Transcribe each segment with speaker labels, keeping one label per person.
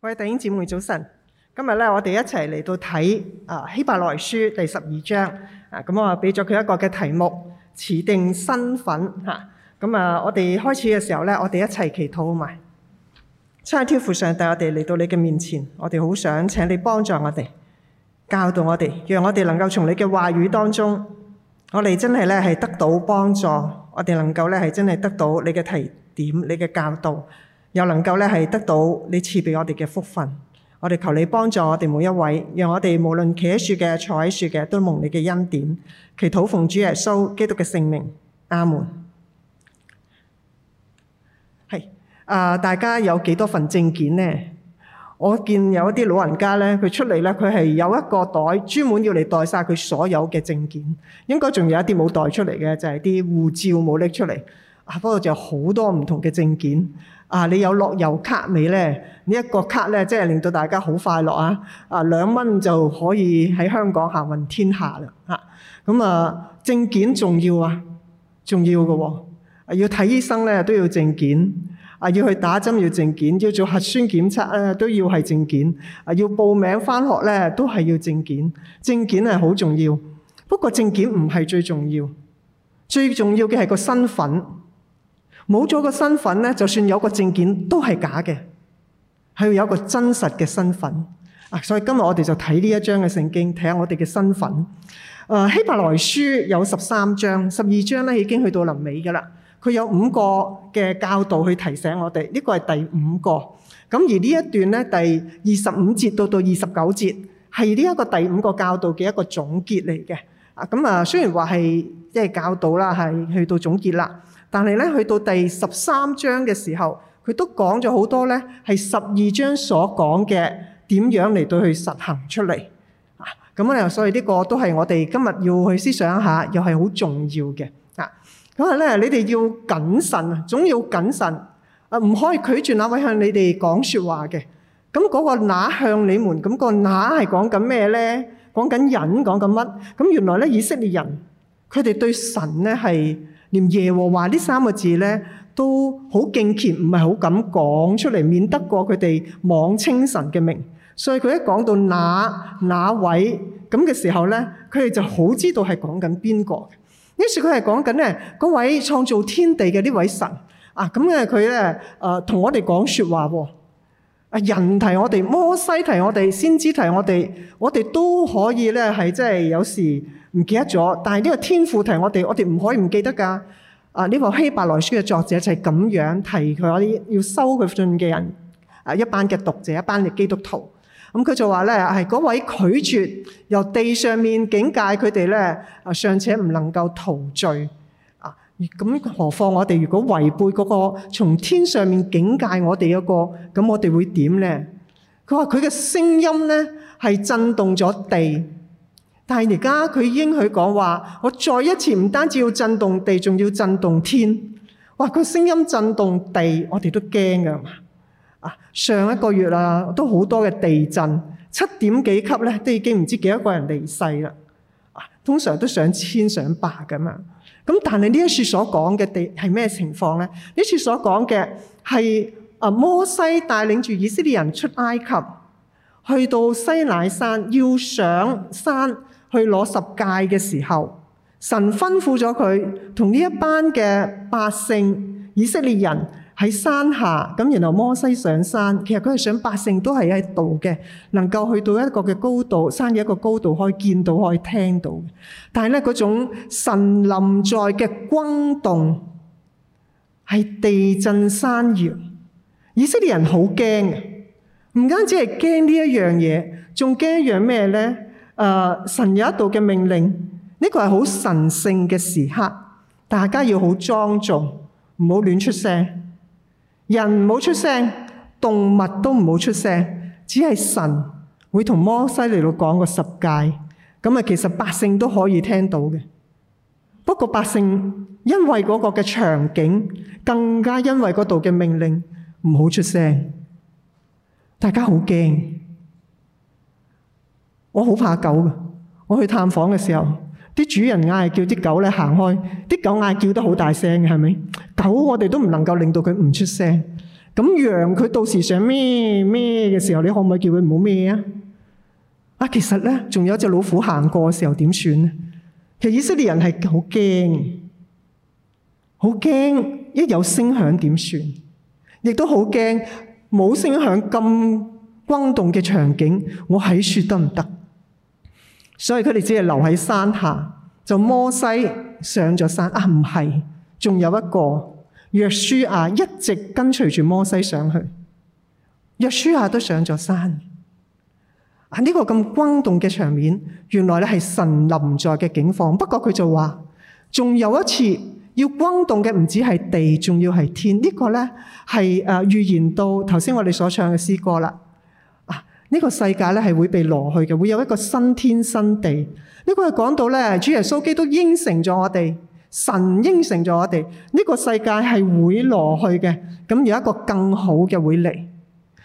Speaker 1: 各位弟兄姊妹，早晨！今日咧，我哋一齊嚟到睇啊《希伯來書》第十二章啊。咁我啊俾咗佢一個嘅題目：持定身份吓。咁啊，我哋開始嘅時候咧，我哋一齊祈禱埋嘛。親愛嘅父上帝，帶我哋嚟到你嘅面前，我哋好想請你幫助我哋，教導我哋，讓我哋能夠從你嘅話語當中，我哋真係咧係得到幫助，我哋能夠咧係真係得到你嘅提點、你嘅教導。又能夠咧係得到你賜畀我哋嘅福分，我哋求你幫助我哋每一位，讓我哋無論企喺樹嘅、坐喺樹嘅，都蒙你嘅恩典。祈禱奉主耶穌基督嘅聖名，阿門。係啊、呃，大家有幾多份證件呢？我見有一啲老人家咧，佢出嚟咧，佢係有一個袋專門要你袋晒佢所有嘅證件。應該仲有一啲冇袋出嚟嘅，就係啲護照冇拎出嚟、啊。不過就好多唔同嘅證件。啊！你有樂遊卡未呢？呢、這、一個卡呢，即係令到大家好快樂啊！啊，兩蚊就可以喺香港行雲天下啦！啊，咁啊，證件重要啊，重要嘅喎、哦啊！要睇醫生咧都要證件，啊，要去打針要證件，要做核酸檢測咧都要係證件，啊，要報名返學咧都係要證件。證件係好重要，不過證件唔係最重要，最重要嘅係個身份。冇咗個身份咧，就算有個證件都係假嘅，係要有一個真實嘅身份，啊，所以今日我哋就睇呢一章嘅聖經，睇下我哋嘅身份。誒，呃，希伯來書有十三章，十二章咧已經去到臨尾㗎啦。佢有五個嘅教導去提醒我哋，呢，這個係第五個。咁而呢一段咧，第二十五節到到二十九節係呢一個第五個教導嘅一個總結嚟嘅。啊，啊，雖然話係即係教導啦，係去到總結啦。但係咧，去到第十三章嘅時候，佢都講咗好多咧，係十二章所講嘅點樣嚟到去實行出嚟啊！咁咧，所以呢個都係我哋今日要去思想一下，又係好重要嘅啊！咁係咧，你哋要謹慎，總要謹慎啊！唔可以拒絕那位向你哋講說話嘅。咁嗰個那向你們？咁個那係講緊咩咧？講緊人，講緊乜？咁原來咧，以色列人佢哋對神咧係。連耶和華呢三個字呢，都好敬虔，唔係好敢講出嚟，免得過佢哋妄稱神嘅名。所以佢一講到哪哪位咁嘅那個時候呢，佢哋就好知道係講緊邊個。於是佢係講緊嗰位創造天地嘅呢位神啊，咁咧佢咧誒同我哋講説話喎。人提我哋，摩西提我哋，先知提我哋，我哋都可以咧，係即係有時唔記得咗。但係呢個天父提我哋，我哋唔可以唔記得噶。啊！呢部希伯來書嘅作者就係咁樣提佢啲要收佢信嘅人，啊一班嘅讀者，一班嘅基督徒。咁、嗯、佢就話咧，係嗰位拒絕由地上面警戒佢哋咧，尚且唔能夠逃罪。咁何況我哋如果違背嗰個從天上面警戒我哋一、嗰個，咁我哋會點呢？佢話佢嘅聲音呢係震動咗地，但係而家佢應許講話，我再一次唔單止要震動地，仲要震動天。哇！個聲音震動地，我哋都驚㗎。啊，上一個月啦、啊，都好多嘅地震，七點幾級呢，都已經唔知道幾多個人離世啦。通常都上千上百噶嘛，咁但係呢一處所講嘅地係咩情況呢？呢處所講嘅係摩西帶領住以色列人出埃及，去到西乃山要上山去攞十戒嘅時候，神吩咐咗佢同呢一班嘅百姓以色列人。喺山下咁，然後摩西上山，其實佢係想百姓都係喺度嘅，能夠去到一個嘅高度，山嘅一個高度，可以見到，可以聽到。但係咧，嗰種神臨在嘅轟動係地震山搖，以色列人好驚嘅，唔單止係驚呢一樣嘢，仲驚一樣咩咧？誒，神有一道嘅命令，呢個係好神聖嘅時刻，大家要好莊重，唔好亂出聲。人冇出聲，動物都唔好出聲，只係神會同摩西嚟到講個十誡。咁啊，其實百姓都可以聽到嘅。不過百姓因為嗰個嘅場景，更加因為嗰度嘅命令唔好出聲。大家好驚，我好怕狗嘅。我去探訪嘅時候。啲主人嗌叫啲狗咧行開，啲狗嗌叫得好大聲嘅，係咪？狗我哋都唔能夠令到佢唔出聲。咁羊佢到時想咩咩嘅時候，你可唔可以叫佢唔好咩啊？啊，其實咧仲有隻老虎行過嘅時候點算咧？其實以色列人係好驚，好驚一有聲響點算，亦都好驚冇聲響，咁轟動嘅場景，我喺樹得唔得？所以佢哋只係留喺山下，就摩西上咗山。啊，唔係，仲有一個約書亞一直跟隨住摩西上去，約書亞都上咗山。啊，呢、這個咁轟動嘅場面，原來咧係神臨在嘅景況。不過佢就話，仲有一次要轟動嘅，唔止係地，仲要係天。這個、呢個咧係誒預言到頭先我哋所唱嘅詩歌啦。呢個世界咧係會被挪去嘅，會有一個新天新地。呢個係講到主耶穌基督應承咗我哋，神應承咗我哋，呢個世界係會挪去嘅，咁有一個更好嘅會嚟。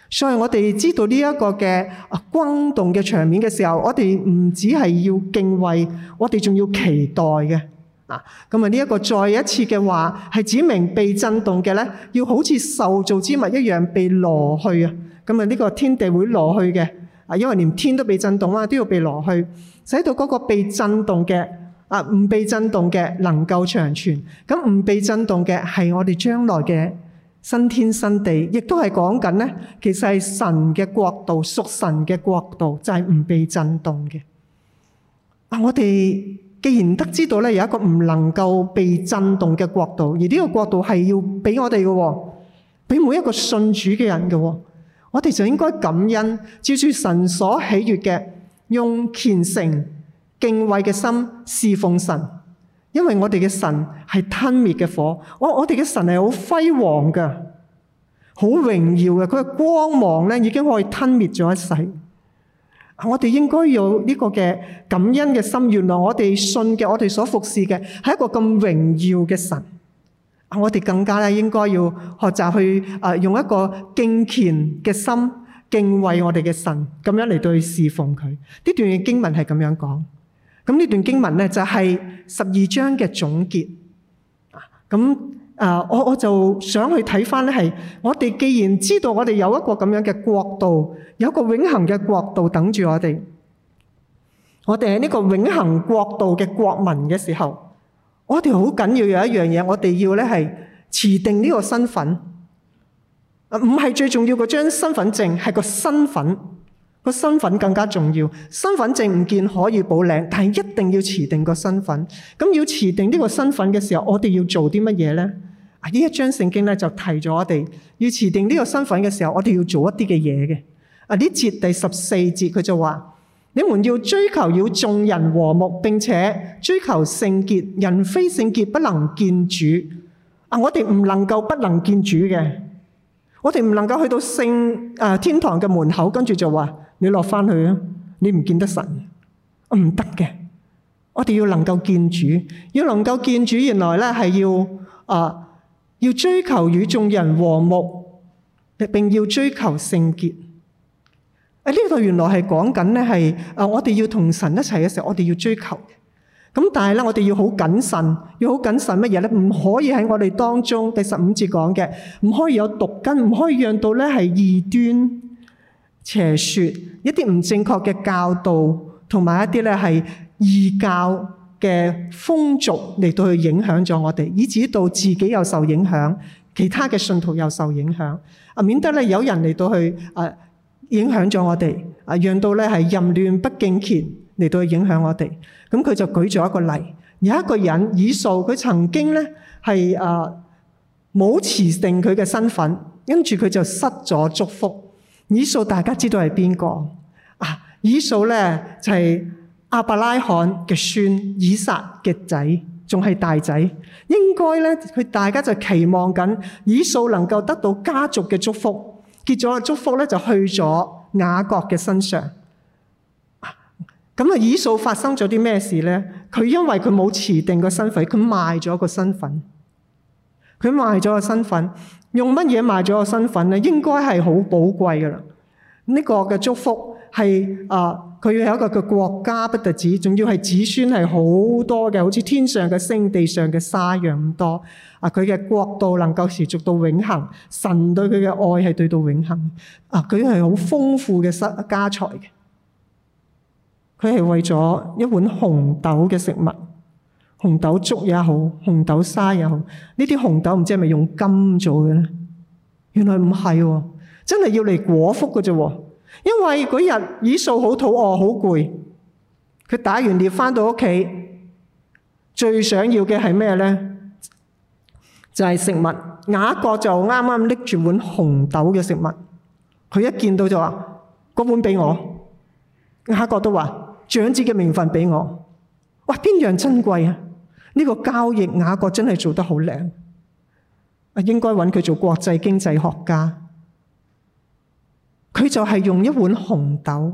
Speaker 1: 所以我哋知道呢一個嘅轟動嘅場面嘅時候，我哋唔止係要敬畏，我哋仲要期待嘅。嗱，咁啊呢一個再一次嘅話係指明被震動嘅咧，要好似受造之物一樣被挪去啊！咁啊！呢個天地會挪去嘅，因為連天都被震動啦，都要被挪去，使到嗰個被震動嘅，啊，唔被震動嘅能夠長存。咁唔被震動嘅係我哋將來嘅新天新地，亦都係講緊咧。其實是神嘅國度屬神嘅國度就係、是、唔被震動嘅。啊，我哋既然得知道咧有一個唔能夠被震動嘅國度，而呢個國度係要俾我哋嘅，俾每一個信主嘅人嘅。我哋就應該感恩，照住神所喜悅嘅，用虔誠敬畏嘅心侍奉神。因為我哋嘅神係吞滅嘅火，我我哋嘅神係好輝煌㗎，好榮耀嘅。佢嘅光芒已經可以吞滅咗一世。我哋應該有呢個嘅感恩嘅心。原來我哋信嘅，我哋所服侍嘅係一個咁榮耀嘅神。我哋更加咧，應該要學習去啊，用一個敬虔嘅心敬畏我哋嘅神，咁樣嚟對侍奉佢。呢段嘅經文係咁樣講。咁呢段經文咧就係十二章嘅總結。咁啊，我我就想去睇返咧，係我哋既然知道我哋有一個咁樣嘅國度，有一個永恆嘅國度等住我哋，我哋喺呢個永恆國度嘅國民嘅時候。我哋好緊要有一樣嘢，我哋要咧係持定呢個身份。唔係最重要嗰張身份證，係個身份。個身份更加重要。身份證唔見可以補領，但一定要持定個身份。咁要持定呢個身份嘅時候，我哋要做啲乜嘢咧？呢一張聖經咧就提咗我哋要持定呢個身份嘅時候，我哋要做一啲嘅嘢嘅。啊，呢節第十四節佢就話。你們要追求與眾人和睦，並且追求聖潔，人非聖潔不能見主。啊，我哋唔能夠不能見主嘅，我哋唔能夠去到聖啊天堂嘅門口，跟住就話你落返去啊，你唔見得神，唔得嘅。我哋要能夠見主，要能夠見主，原來呢係要啊，要追求與眾人和睦，並要追求聖潔。誒，呢度原來係講緊咧，係誒我哋要同神一齊嘅時候，我哋要追求。咁但係咧，我哋要好謹慎，要好謹慎乜嘢咧？唔可以喺我哋當中第十五節講嘅，唔可以有毒根，唔可以讓到咧係異端，邪說，一啲唔正確嘅教導，同埋一啲咧係異教嘅風俗嚟到去影響咗我哋，以致到自己又受影響，其他嘅信徒又受影響。啊，免得咧有人嚟到去誒。影響咗我哋啊，讓到咧係淫亂不敬虔嚟到去影響我哋。咁佢就舉咗一個例，有一個人以掃，佢曾經咧係啊冇持定佢嘅身份，跟住佢就失咗祝福。以掃大家知道係邊個啊？以掃咧就係亞伯拉罕嘅孫以撒嘅仔，仲係大仔，應該咧佢大家就期望緊以掃能夠得到家族嘅祝福。結咗啊！祝福呢就去咗雅各嘅身上。咁啊，以掃發生咗啲咩事呢？佢因為佢冇持定身份，佢賣咗個身份，佢賣咗個身份。佢賣咗個身份，用乜嘢賣咗個身份呢？應該係好寶貴嘅啦。呢、這個嘅祝福。係啊！佢要有一個嘅國家，不特止，止，仲要係子孫係好多嘅，好似天上嘅星、地上嘅沙一樣多。啊！佢嘅國度能夠持續到永恒，神對佢嘅愛係對到永恒。啊！佢係好豐富嘅家財嘅，佢係為咗一碗紅豆嘅食物，紅豆粥也好，紅豆沙也好，呢啲紅豆唔知係咪用金做嘅呢？原來唔係喎，真係要嚟果腹嘅啫。因為嗰日以掃好肚餓好攰，佢打完獵返到屋企，最想要嘅係咩呢？就係、是、食物。雅各就啱啱拎住碗紅豆嘅食物，佢一見到就話：嗰碗俾我。雅各都話：長子嘅名分俾我。哇！邊樣珍貴啊？呢、這個交易雅各真係做得好靚。應該揾佢做國際經濟學家。佢就係用一碗紅豆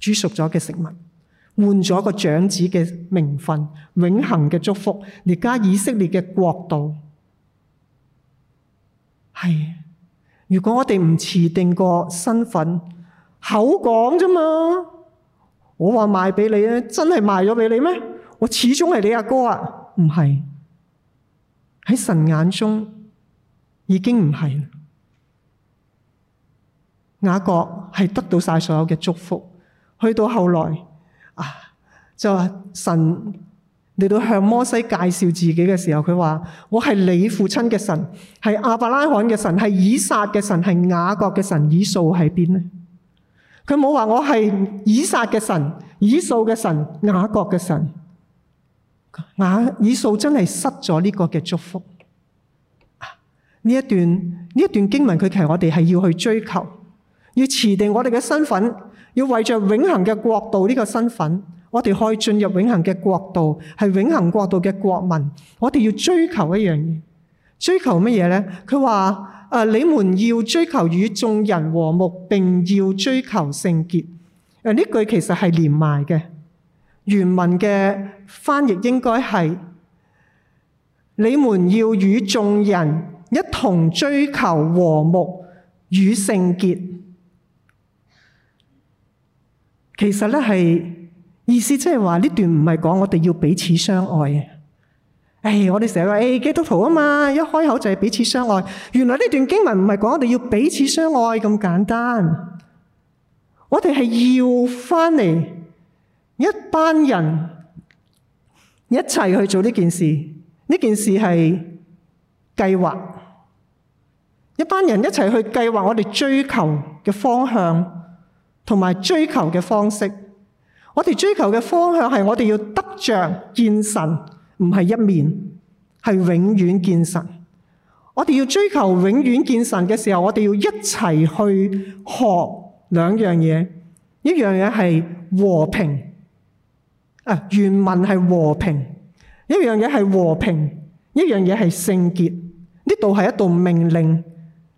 Speaker 1: 煮熟咗嘅食物，換咗個長子嘅名分，永恆嘅祝福，而家以色列嘅國度係。如果我哋唔持定個身份，口講啫嘛。我話賣俾你咧，真係賣咗俾你咩？我始終係你阿哥啊，唔係，喺神眼中已經唔係。雅各係得到晒所有嘅祝福，去到後來啊，就神嚟到向摩西介紹自己嘅時候，佢話：我係你父親嘅神，係亞伯拉罕嘅神，係以撒嘅神，係雅各嘅神。以掃喺邊呢？佢冇話我係以撒嘅神，以掃嘅神，雅各嘅神。雅以掃真係失咗呢個嘅祝福。呢、啊、一段呢一段經文，佢其實我哋係要去追求，要持定我哋嘅身份，要為著永恒嘅國度呢個身份，我哋可以進入永恒嘅國度，係永恒國度嘅國民。我哋要追求一樣嘢，追求乜嘢咧？佢話誒，你們要追求與眾人和睦，並要追求聖潔。誒，呢句其實係連埋嘅原文嘅翻譯，應該係你們要與眾人一同追求和睦與聖潔。其實咧係意思即係話呢段唔係講我哋要彼此相愛啊！唉、哎，我哋成日話唉基督徒啊嘛，一開口就係彼此相愛。原來呢段經文唔係講我哋要彼此相愛咁簡單，我哋係要返嚟一班人一齊去做呢件事。呢件事係計劃，一班人一齊去計劃我哋追求嘅方向。同埋追求嘅方式，我哋追求嘅方向，係我哋要得着見神，唔係一面，係永遠見神。我哋要追求永遠見神嘅時候，我哋要一齊去學兩樣嘢，一樣嘢係和平，啊、呃、原文係和平，一樣嘢係和平，一樣嘢係聖潔，呢度係一道命令。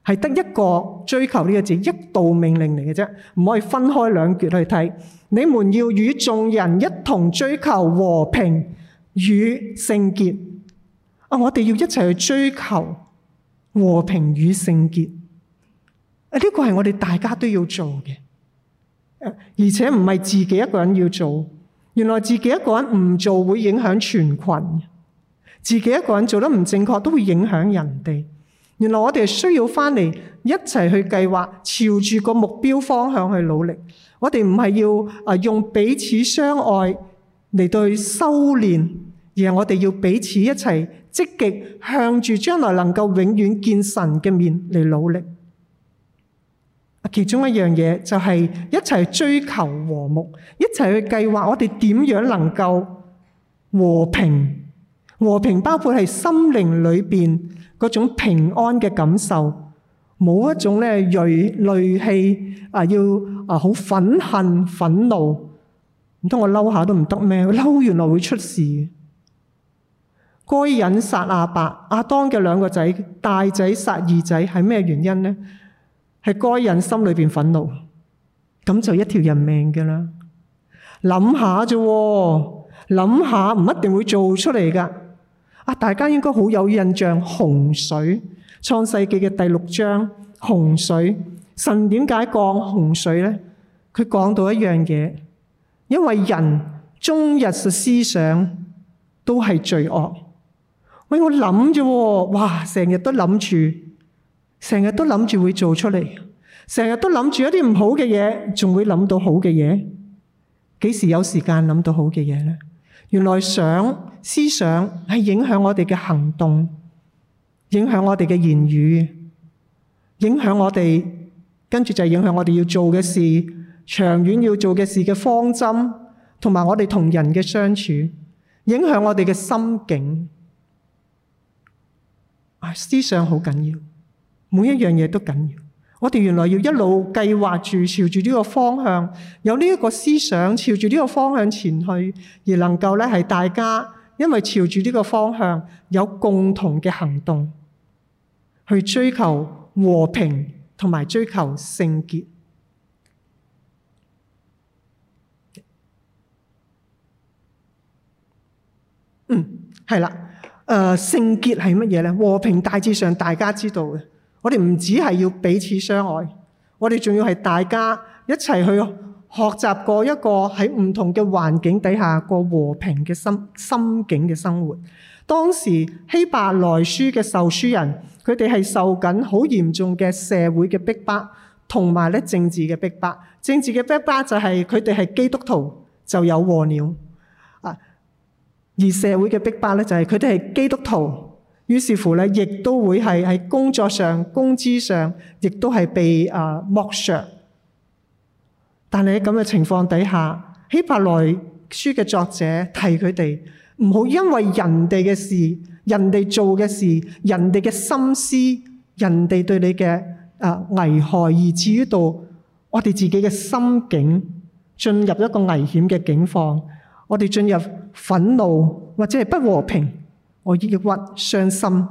Speaker 1: 係得一個追求呢個字，一道命令嚟嘅啫，唔可以分開兩橛去睇。你們要與眾人一同追求和平與聖潔。啊，我哋要一齊去追求和平與聖潔。啊，呢個係我哋大家都要做嘅。啊，而且唔係自己一個人要做。原來自己一個人唔做會影響全群。自己一個人做得唔正確都會影響人哋。原來我哋需要返嚟一齊去計劃，朝住個目標方向去努力。我哋唔係要啊用彼此相愛嚟對修煉，而係我哋要彼此一齊積極向住將來能夠永遠見神嘅面嚟努力。其中一樣嘢就係一齊追求和睦，一齊去計劃我哋點樣能夠和平。和平包括喺心靈裏邊。嗰種平安嘅感受，冇一種咧戾氣啊，要啊好憤恨、憤怒，唔通我嬲下都唔得咩？嬲原來會出事。該隱殺阿伯、阿當嘅兩個仔，大仔殺二仔係咩原因咧？係該隱心裏邊憤怒，咁就一條人命噶啦。諗下啫，諗下唔一定會做出嚟噶。啊！大家應該好有印象，洪水創世記嘅第六章，洪水，神點解降洪水呢？佢講到一樣嘢，因為人終日嘅思想都係罪惡。餵、哎、我諗啫喎，哇！成日都諗住，成日都諗住會做出嚟，成日都諗住一啲唔好嘅嘢，仲會諗到好嘅嘢？幾時有時間諗到好嘅嘢呢？原來想。思想係影響我哋嘅行動，影響我哋嘅言語，影響我哋，跟住就係影響我哋要做嘅事、長遠要做嘅事嘅方針，同埋我哋同人嘅相處，影響我哋嘅心境。啊，思想好緊要，每一樣嘢都緊要。我哋原來要一路計劃住朝住呢個方向，有呢一個思想朝住呢個方向前去，而能夠咧係大家。因為朝住呢個方向有共同嘅行動，去追求和平同埋追求聖潔。嗯，係啦。誒、呃，聖潔係乜嘢咧？和平大致上大家知道嘅。我哋唔止係要彼此相愛，我哋仲要係大家一齊去。學習過一個喺唔同嘅環境底下過和平嘅心心境嘅生活。當時希伯來書嘅受書人，佢哋係受緊好嚴重嘅社會嘅逼迫，同埋咧政治嘅逼迫。政治嘅逼迫就係佢哋係基督徒就有禍了。啊，而社會嘅逼迫呢就係佢哋係基督徒，於是乎呢亦都會係喺工作上、工資上，亦都係被啊剝削。但係喺咁嘅情況底下，《希伯來書》嘅作者提佢哋唔好因為人哋嘅事、人哋做嘅事、人哋嘅心思、人哋對你嘅誒危害，而至於到我哋自己嘅心境進入一個危險嘅境況。我哋進入憤怒或者係不和平，我抑鬱傷心。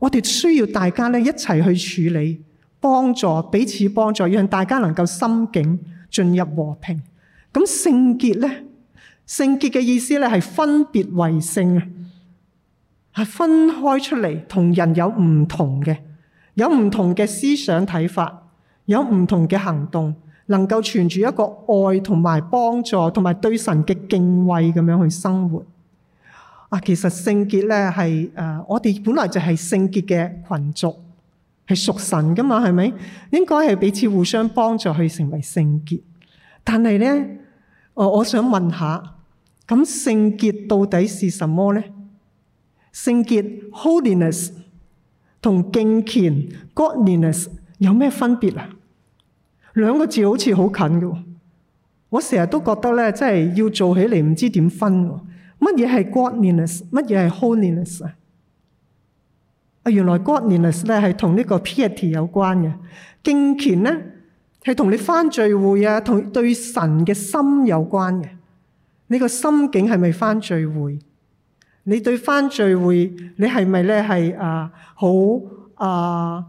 Speaker 1: 我哋需要大家咧一齊去處理、幫助彼此幫助，讓大家能夠心境，進入和平，咁聖潔咧？聖潔嘅意思咧係分別為聖啊，係分開出嚟，同人有唔同嘅，有唔同嘅思想睇法，有唔同嘅行動，能夠存住一個愛同埋幫助，同埋對神嘅敬畏咁樣去生活。啊，其實聖潔咧係誒，我哋本來就係聖潔嘅群族。係屬神噶嘛，係咪？應該係彼此互相幫助去成為聖潔。但係咧，我我想問下，咁聖潔到底係什麼咧？聖潔 Holiness 同敬虔 Godliness 有咩分別啊？兩個字好似好近嘅，我成日都覺得咧，即係要做起嚟，唔知點分。乜嘢係 Godliness？乜嘢係 Holiness 啊？原來 godliness 咧，係同呢個 piety 有關嘅敬虔，咧，係同你翻聚會啊，同對神嘅心有關嘅。你個心境係咪翻聚會？你對翻聚會，你係咪咧，係啊好啊？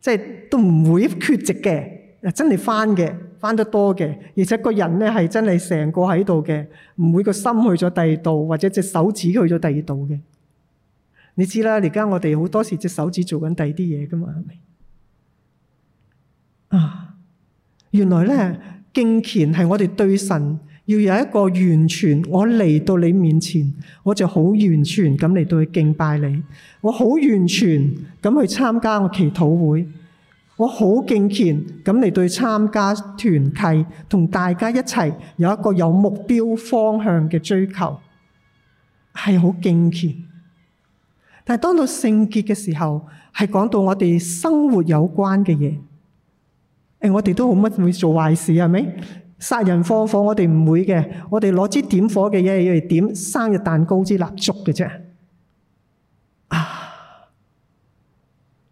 Speaker 1: 即係都唔會缺席嘅，真係翻嘅，翻得多嘅，而且個人咧，係真係成個喺度嘅，唔會個心去咗第二度，或者隻手指去咗第二度嘅。你知啦，而家我哋好多時隻手指做緊第二啲嘢噶嘛，係咪？啊，原來咧敬虔係我哋對神要有一個完全。我嚟到你面前，我就好完全咁嚟到去敬拜你。我好完全咁去參加我祈禱會。我好敬虔咁嚟到去參加團契，同大家一齊有一個有目標方向嘅追求，係好敬虔。但係，當到聖潔嘅時候，係講到我哋生活有關嘅嘢。誒，我哋都冇乜會做壞事，係咪？殺人放火我哋唔會嘅。我哋攞支點火嘅嘢嚟點生日蛋糕之蠟燭嘅啫。啊！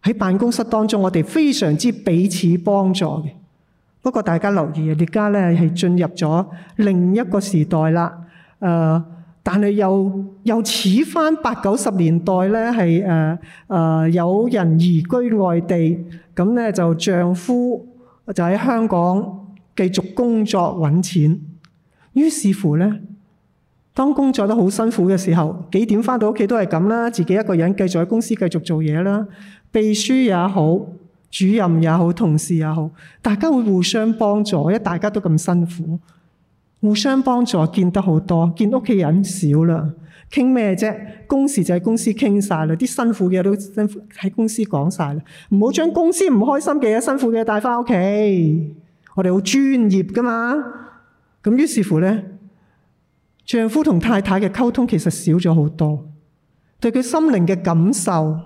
Speaker 1: 喺辦公室當中，我哋非常之彼此幫助嘅。不過，大家留意啊，而家呢係進入咗另一個時代啦。誒。但係又又似翻八九十年代咧，係、呃呃、有人移居外地，咁咧就丈夫就喺香港繼續工作揾錢。於是乎咧，當工作得好辛苦嘅時候，幾點返到屋企都係咁啦，自己一個人繼續喺公司繼續做嘢啦。秘書也好，主任也好，同事也好，大家會互相幫助，因為大家都咁辛苦。互相幫助見得好多，見屋企人少啦。傾咩啫？公事就喺公司傾晒啦，啲辛苦嘅都辛苦喺公司講晒啦。唔好將公司唔開心嘅嘢辛苦嘅帶翻屋企。我哋好專業噶嘛。咁於是乎咧，丈夫同太太嘅溝通其實少咗好多。對佢心靈嘅感受，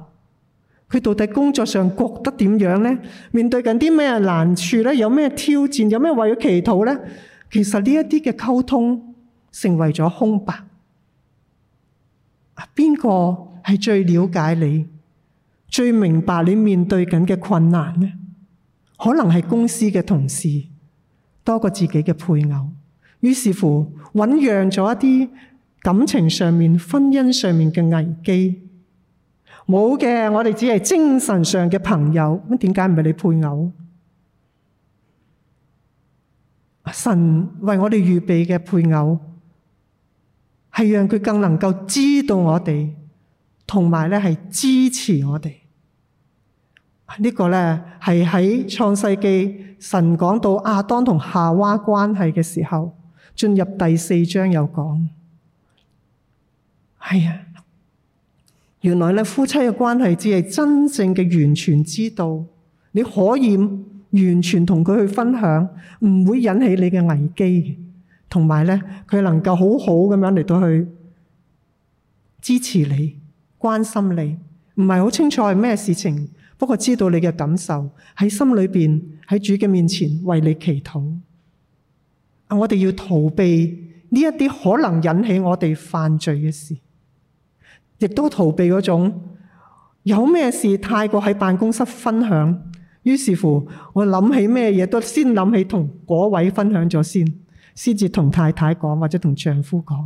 Speaker 1: 佢到底工作上覺得點樣咧？面對緊啲咩難處咧？有咩挑戰？有咩為咗祈禱咧？其實呢一啲嘅溝通成為咗空白。邊個係最了解你、最明白你面對緊嘅困難咧？可能係公司嘅同事多過自己嘅配偶，於是乎醞釀咗一啲感情上面、婚姻上面嘅危機。冇嘅，我哋只係精神上嘅朋友，咁點解唔係你配偶？神為我哋預備嘅配偶，係讓佢更能夠知道我哋，同埋咧係支持我哋。這個、呢個咧係喺創世紀神講到亞當同夏娃關係嘅時候，進入第四章有講、哎。原來夫妻嘅關係只係真正嘅完全知道，你可以。完全同佢去分享，唔會引起你嘅危機嘅，同埋咧佢能夠好好咁樣嚟到去支持你，關心你，唔係好清楚係咩事情，不過知道你嘅感受喺心裏邊，喺主嘅面前為你祈禱。我哋要逃避呢一啲可能引起我哋犯罪嘅事，亦都逃避嗰種有咩事太過喺辦公室分享。於是乎，我諗起咩嘢都先諗起同嗰位分享咗先，先至同太太講或者同丈夫講。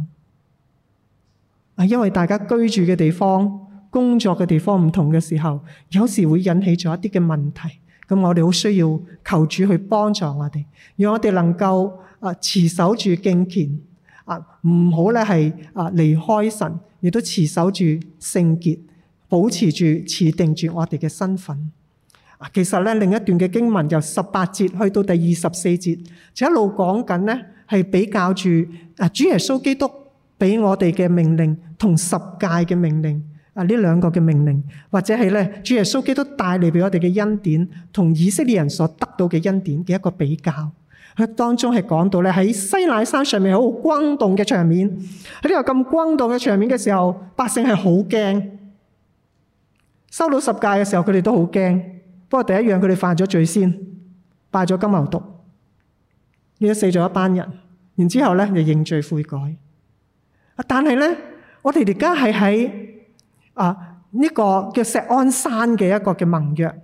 Speaker 1: 因為大家居住嘅地方、工作嘅地方唔同嘅時候，有時會引起咗一啲嘅問題。咁我哋好需要求主去幫助我哋，讓我哋能夠啊持守住敬虔啊，唔好咧係離開神，亦都持守住聖潔，保持住持定住我哋嘅身份。其實咧，另一段嘅經文由十八節，去到第二十四節，就一路講緊咧，係比較住啊，主耶穌基督俾我哋嘅命令同十誡嘅命令啊，呢兩個嘅命令，或者係咧，主耶穌基督帶嚟俾我哋嘅恩典同以色列人所得到嘅恩典嘅一個比較。佢當中係講到咧，喺西乃山上面有好轟動嘅場面，喺呢個咁轟動嘅場面嘅時候，百姓係好驚，收到十誡嘅時候，佢哋都好驚。不過第一樣佢哋犯咗罪先，拜咗金牛犢，亦都死咗一班人。然之後咧就認罪悔改。但係咧，我哋而家係喺呢個叫錫安山嘅一個嘅盟約。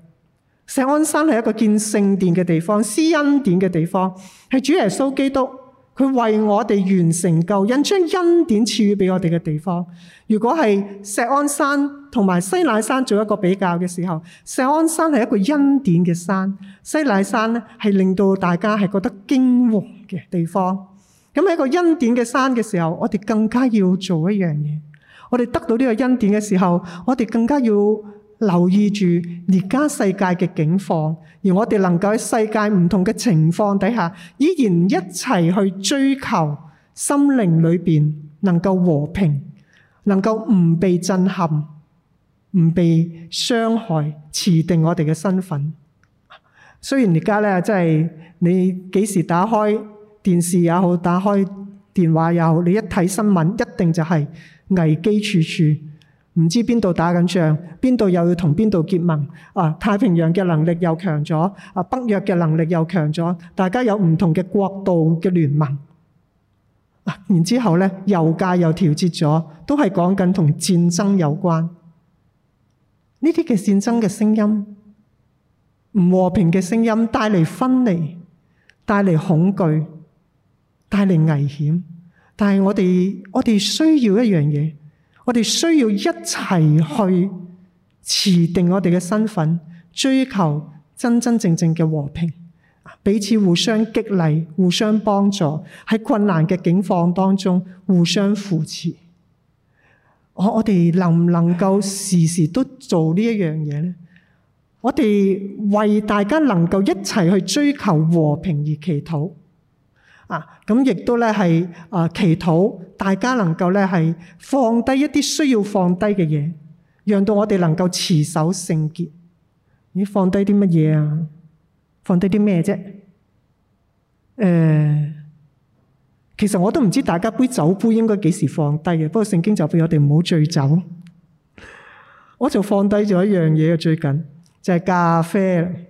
Speaker 1: 錫安山係一個建聖殿嘅地方，施恩典嘅地方，係主耶穌基督。佢為我哋完成救恩，將恩典賜予俾我哋嘅地方。如果係錫安山同埋西乃山做一個比較嘅時候，錫安山係一個恩典嘅山，西乃山咧係令到大家係覺得驚惶嘅地方。咁喺一個恩典嘅山嘅時候，我哋更加要做一樣嘢。我哋得到呢個恩典嘅時候，我哋更加要。留意住而家世界嘅境況，而我哋能夠喺世界唔同嘅情況底下，依然一齊去追求心靈裏邊能夠和平，能夠唔被震撼、唔被傷害，持定我哋嘅身份。雖然而家呢，即係你幾時打開電視也好，打開電話也好，你一睇新聞一定就係危機處處。唔知邊度打緊仗，邊度又要同邊度結盟啊？太平洋嘅能力又強咗，啊，北約嘅能力又強咗，大家有唔同嘅國度嘅聯盟。嗱，然之後咧，油價又調節咗，都係講緊同戰爭有關。呢啲嘅戰爭嘅聲音，唔和平嘅聲音，帶嚟分離，帶嚟恐懼，帶嚟危險。但係我哋我哋需要一樣嘢。我哋需要一齊去持定我哋嘅身份，追求真真正正嘅和平，彼此互相激勵、互相幫助，喺困難嘅境況當中互相扶持。我我哋能唔能夠時時都做這呢一樣嘢？我哋為大家能夠一齊去追求和平而祈禱。啊！咁亦都咧係啊，祈禱大家能夠咧係放低一啲需要放低嘅嘢，讓到我哋能夠持守聖潔。咦？放低啲乜嘢啊？放低啲咩啫？誒、呃，其實我都唔知大家杯酒杯應該幾時放低嘅。不過聖經就叫我哋唔好醉酒。我就放低咗一樣嘢啊！最近就係、是、咖啡。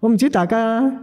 Speaker 1: 我唔知大家。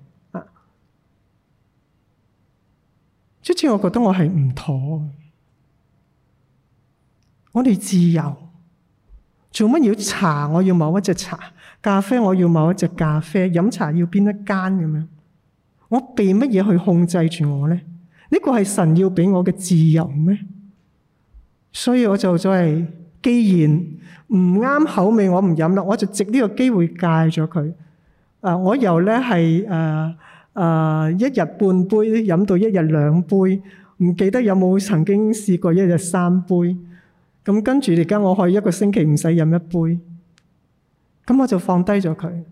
Speaker 1: 即係我覺得我係唔妥，我哋自由，做乜要茶？我要某一隻茶，咖啡我要某一隻咖啡，飲茶要邊一間咁樣？我被乜嘢去控制住我咧？呢個係神要畀我嘅自由咩？所以我就再係，既然唔啱口味，我唔飲啦，我就藉呢個機會戒咗佢。啊，我又咧係誒。呃啊！Uh, 一日半杯飲到一日兩杯，唔記得有冇曾經試過一日三杯。咁跟住而家我可以一個星期唔使飲一杯，咁我就放低咗佢。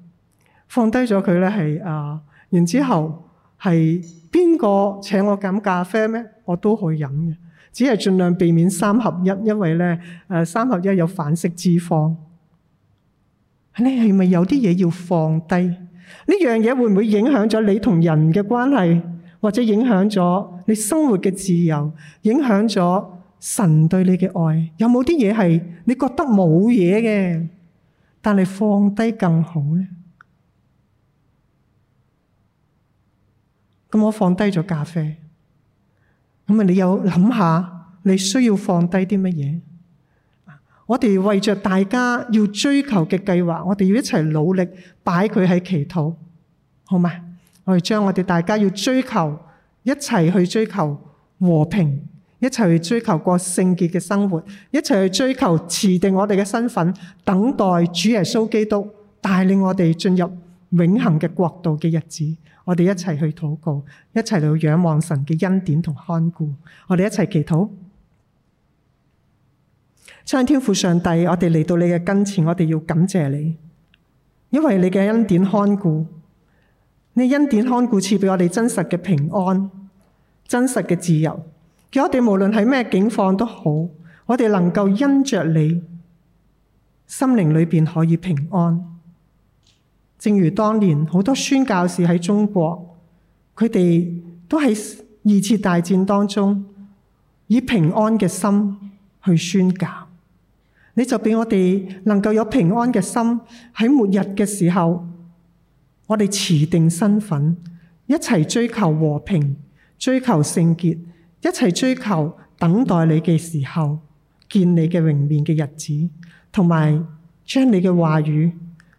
Speaker 1: 放低咗佢咧，係啊，uh, 然之後係邊個請我飲咖啡咩？我都可以飲嘅，只係盡量避免三合一，因為咧，誒三合一有反式脂肪。你係咪有啲嘢要放低？呢樣嘢會唔會影響咗你同人嘅關係，或者影響咗你生活嘅自由，影響咗神對你嘅愛？有冇啲嘢係你覺得冇嘢嘅，但係放低更好呢？咁我放低咗咖啡，咁你有諗下你需要放低啲乜嘢？我哋為着大家要追求嘅計劃，我哋要一齊努力擺佢喺祈禱，好嘛？我哋將我哋大家要追求，一齊去追求和平，一齊去追求過聖潔嘅生活，一齊去追求持定我哋嘅身份，等待主耶穌基督帶領我哋進入永恆嘅國度嘅日子。我哋一齊去禱告，一齊去仰望神嘅恩典同看顧。我哋一齊祈禱。上天父上帝，我哋嚟到你嘅跟前，我哋要感謝你，因為你嘅恩典看顧，你的恩典看顧賜俾我哋真實嘅平安、真實嘅自由，叫我哋無論喺咩境況都好，我哋能夠因着你，心靈裏面可以平安。正如當年好多宣教士喺中國，佢哋都喺二次大戰當中，以平安嘅心去宣教。你就俾我哋能夠有平安嘅心。喺末日嘅時候，我哋持定身份，一齊追求和平，追求聖潔，一齊追求等待你嘅時候見你嘅榮面嘅日子，同埋將你嘅話語、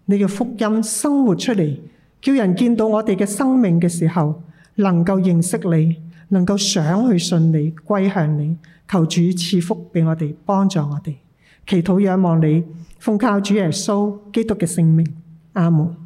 Speaker 1: 你嘅福音生活出嚟，叫人見到我哋嘅生命嘅時候，能夠認識你，能夠想去信你，歸向你，求主賜福俾我哋，幫助我哋。祈禱仰望你，奉靠主耶穌基督嘅聖名，阿門。